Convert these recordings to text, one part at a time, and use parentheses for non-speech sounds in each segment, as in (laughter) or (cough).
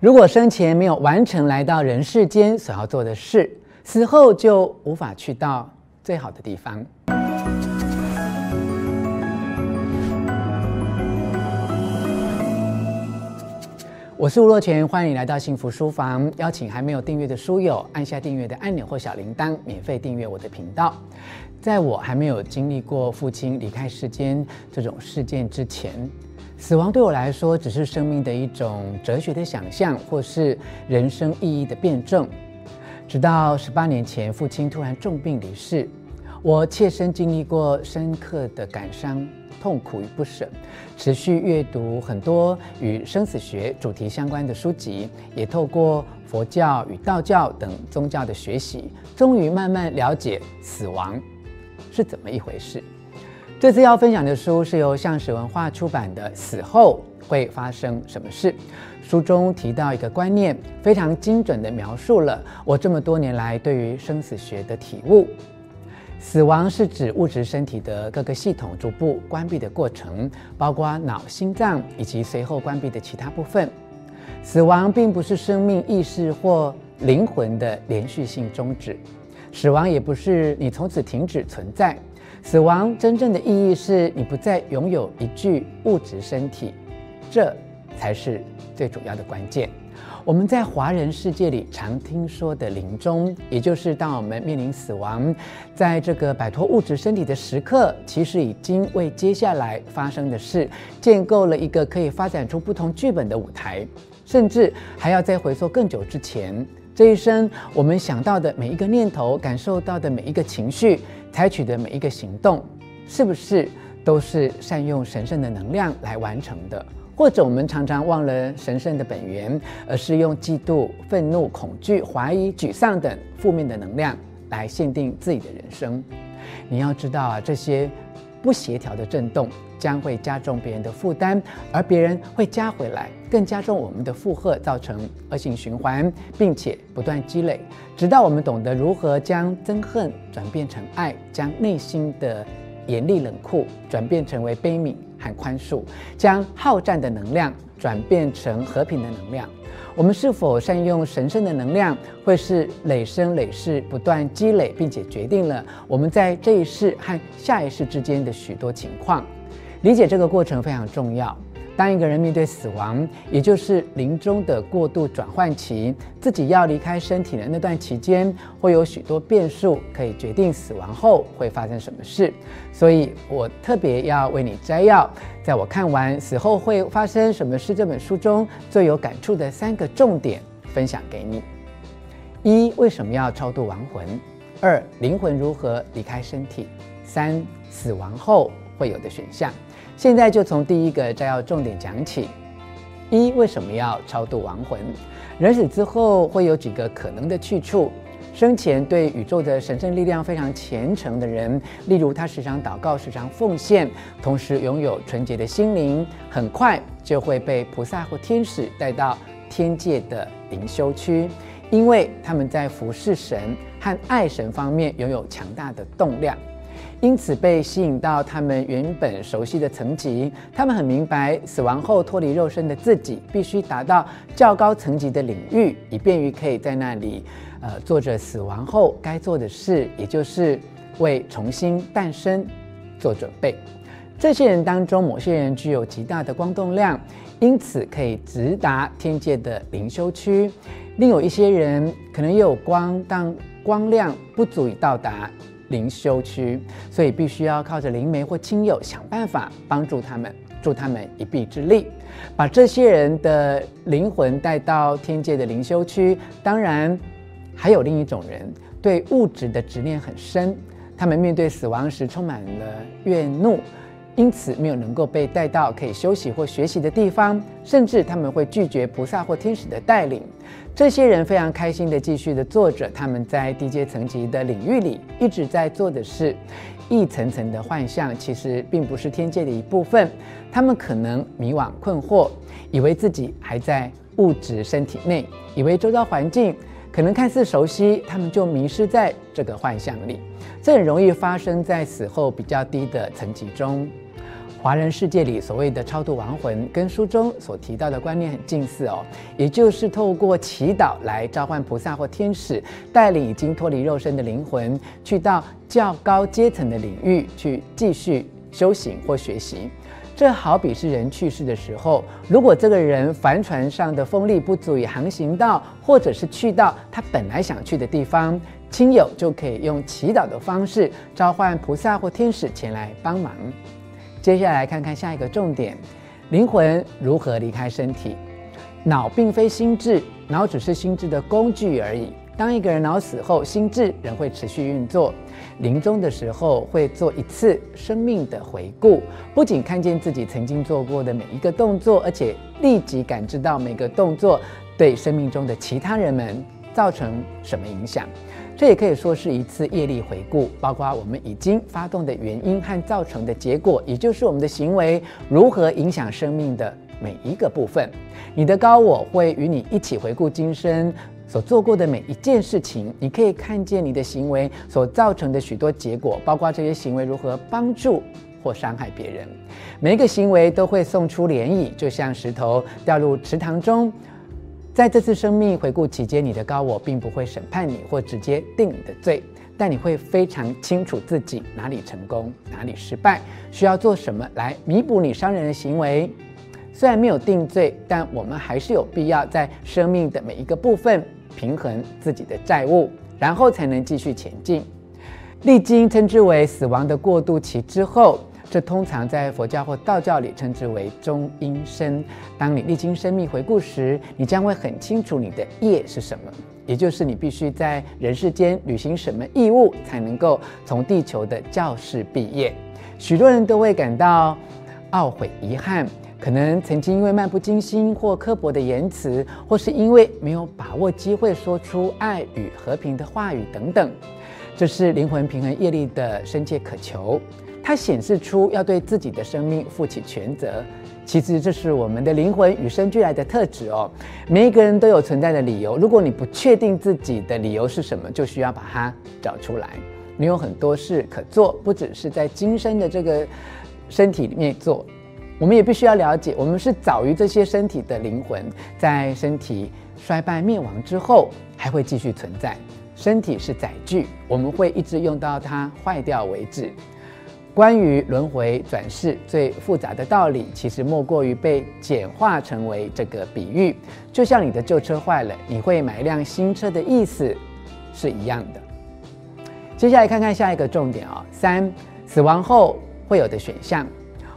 如果生前沒有完成來到人世間所要做的事，死後就無法去到最好的地方。 (music) 我是吳若權，歡迎你來到幸福書房。邀請還沒有訂閱的書友按下訂閱的按鈕或小鈴鐺，免費訂閱我的頻道。在我還沒有經歷過父親離開世間這種事件之前。死亡對我來說，只是生命的一種哲學的想象，或是人生意義的辯證。直到十八年前，父親突然重病離世，我切身經歷過深刻的感傷、痛苦與不捨。持續閱讀很多與生死學主題相關的書籍，也透過佛教與道教等宗教的學習，終於慢慢了解死亡是怎麼一回事。這次要分享的書是由橡實文化出版的《死後會發生什麼事》。書中提到一個觀念，非常精準地描述了我這麼多年來對於生死學的體悟。死亡是指物質身體的各個系統逐步關閉的過程，包括腦、心臟以及隨後關閉的其他部分。死亡並不是生命意識或靈魂的連續性終止，死亡也不是你從此停止存在。死亡真正的意義是你不再擁有一具物質身體，這才是最主要的關鍵。我們在華人世界裡常聽說的“臨終”，也就是當我們面臨死亡，在這個擺脫物質身體的時刻，其實已經為接下來發生的事建構了一個可以發展出不同劇本的舞台，甚至還要再回溯更久之前，這一生我們想到的每一個念頭，感受到的每一個情緒。採取的每一個行動,是不是都是善用神聖的能量來完成的？或者我們常常忘了神聖的本源，而是用嫉妒、憤怒、恐懼、懷疑、沮喪等負面的能量來限定自己的人生。你要知道啊，這些不協調的震動，將會加重別人的負擔，而別人會加回來，更加重我們的負荷，造成惡性循環，並且不斷積累，直到我們懂得如何將憎恨轉變成愛，將內心的嚴厲冷酷轉變成為悲憫和寬恕，將好戰的能量轉變成和平的能量。我們是否善用神聖的能量，會是累生累世不斷積累，並且決定了我們在這一世和下一世之間的許多情況。理解這個過程非常重要。當一個人面對死亡，也就是臨終的過渡轉換期，自己要離開身體的那段期間，會有許多變數可以決定死亡後會發生什麼事。所以我特別要為你摘要，在我看完《死後會發生什麼事》這本書中最有感觸的三個重點，分享給你：一、為什麼要超度亡魂；二、靈魂如何離開身體；三、死亡後會有的選項。現在就從第一個摘要重點講起：一、為什麼要超度亡魂？人死之後會有幾個可能的去處。生前對宇宙的神聖力量非常虔誠的人，例如他時常禱告、時常奉獻，同時擁有純潔的心靈，很快就會被菩薩或天使帶到天界的靈修區，因為他們在服侍神和愛神方面擁有強大的動量。因此被吸引到他們原本熟悉的層級。他們很明白，死亡後脫離肉身的自己，必須達到較高層級的領域，以便於可以在那裡，呃，做着死亡後該做的事，也就是為重新誕生做準備。這些人當中，某些人具有極大的光動量，因此可以直達天界的靈修區；另有一些人可能也有光，但光亮不足以到達。靈修區，所以必須要靠着靈媒或親友想辦法幫助他們，助他們一臂之力，把這些人的靈魂帶到天界的靈修區。當然，還有另一種人，對物質的執念很深，他們面對死亡時充滿了怨怒。因此沒有能夠被帶到可以休息或學習的地方，甚至他們會拒絕菩薩或天使的帶領。這些人非常開心地繼續地做着他們在低階層級的領域裡一直在做的事。一層層的幻象其實並不是天界的一部分。他們可能迷惘困惑，以為自己還在物質身體內，以為周遭環境可能看似熟悉，他們就迷失在這個幻象裡。這很容易發生在死後比較低的層級中。華人世界裡所謂的超度亡魂，跟書中所提到的觀念很近似哦，也就是透過祈禱來召喚菩薩或天使，帶領已經脫離肉身的靈魂，去到較高階層的領域去繼續修行或學習。這好比是人去世的時候，如果這個人帆船上的風力不足以航行到，或者是去到他本來想去的地方，親友就可以用祈禱的方式召喚菩薩或天使前來幫忙。接下來看看下一個重點：靈魂如何離開身體？腦並非心智，腦只是心智的工具而已。當一個人腦死後，心智仍會持續運作。臨終的時候會做一次生命的回顧，不僅看見自己曾經做過的每一個動作，而且立即感知到每個動作對生命中的其他人們造成什麼影響。這也可以說是一次業力回顧，包括我們已經發動的原因和造成的結果，也就是我們的行為如何影響生命的每一個部分。你的高我會與你一起回顧今生所做過的每一件事情，你可以看見你的行為所造成的許多結果，包括這些行為如何幫助或傷害別人。每一個行為都會送出漣漪，就像石頭掉入池塘中。在這次生命回顧期間，你的高我並不會審判你或直接定你的罪，但你會非常清楚自己哪裡成功，哪裡失敗，需要做什麼來彌補你傷人的行為。雖然沒有定罪，但我們還是有必要在生命的每一個部分平衡自己的債務，然後才能繼續前進。歷經稱之為死亡的過渡期之後，這通常在佛教或道教裡稱之為中陰身。當你歷經生命回顧時，你將會很清楚你的業是什麼，也就是你必須在人世間履行什麼義務，才能夠從地球的教室畢業。許多人都會感到懊悔、遺憾，可能曾經因為漫不經心或刻薄的言辭，或是因為沒有把握機會說出愛與和平的話語等等。這是靈魂平衡業力的深切渴求。它顯示出要對自己的生命負起全責。其實這是我們的靈魂與生俱來的特質哦。每一個人都有存在的理由。如果你不確定自己的理由是什麼，就需要把它找出來。你有很多事可做，不只是在今生的這個身體裡面做。我們也必須要了解，我們是早於這些身體的靈魂，在身體衰敗滅亡之後還會繼續存在。身體是載具，我們會一直用到它壞掉為止。關於輪回轉世最複雜的道理，其實莫過於被簡化成為這個比喻，就像你的舊車壞了，你會買一輛新車的意思是一樣的。接下來看看下一個重點啊、哦，三、死亡後會有的選項。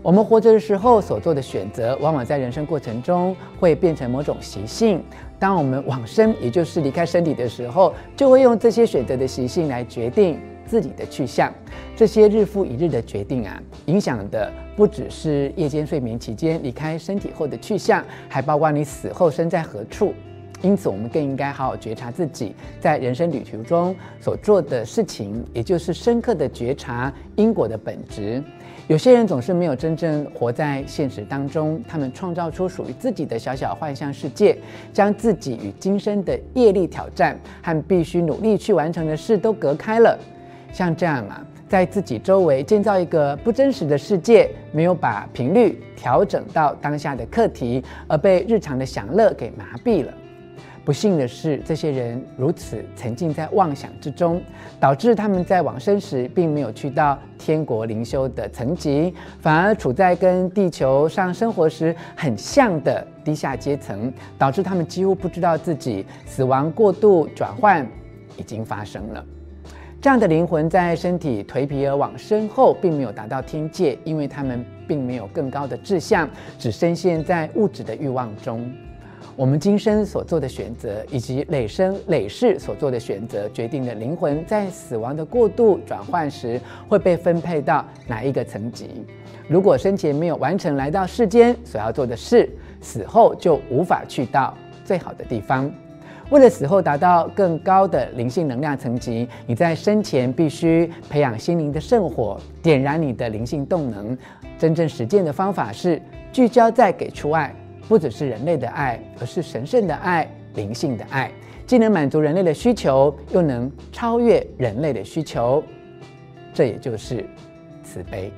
我們活着的時候所做的選擇，往往在人生過程中會變成某種習性。當我們往生，也就是離開身體的時候，就會用這些選擇的習性來決定自己的去向。這些日復一日的決定啊，影響的不只是夜間睡眠期間離開身體後的去向，還包括你死後身在何處。因此，我們更應該好好覺察自己在人生旅途中所做的事情，也就是深刻的覺察因果的本質。有些人總是沒有真正活在現實當中，他們創造出屬於自己的小小幻想世界，將自己與今生的業力挑戰和必須努力去完成的事都隔開了。像這樣嘛、啊，在自己周圍建造一個不真實的世界，沒有把頻率調整到當下的課題，而被日常的享樂給麻痹了。不幸的是，這些人如此沉浸在妄想之中，導致他們在往生時並沒有去到天國靈修的層級，反而處在跟地球上生活時很像的低下階層，導致他們幾乎不知道自己死亡過度轉換已經發生了。這樣的靈魂在身體頹皮而往身後，並沒有達到天界，因為他們並沒有更高的志向，只深陷在物質的欲望中。我們今生所做的選擇，以及累生累世所做的選擇，決定了靈魂在死亡的過渡轉換時會被分配到哪一個層級。如果生前沒有完成來到世間所要做的事，死後就無法去到最好的地方。為了死後達到更高的靈性能量層級，你在生前必須培養心靈的聖火，點燃你的靈性動能。真正實踐的方法是聚焦在給出愛，不只是人類的愛，而是神聖的愛、靈性的愛，既能滿足人類的需求，又能超越人類的需求。這也就是慈悲。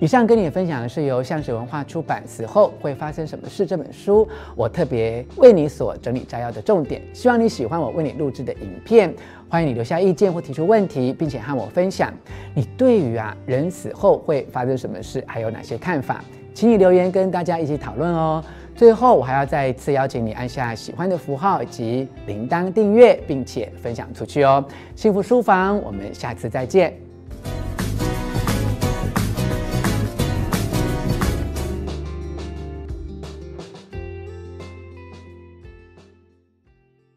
以上跟你分享的是由橡實文化出版《死後會發生什麼事》這本書，我特別為你所整理摘要的重點。希望你喜歡我為你錄制的影片，歡迎你留下意見或提出問題，並且和我分享你對於啊人死後會發生什麼事還有哪些看法，請你留言跟大家一起討論哦。最後，我還要再一次邀請你按下喜歡的符號以及鈴鐺訂閱，並且分享出去哦。幸福書房，我們下次再見。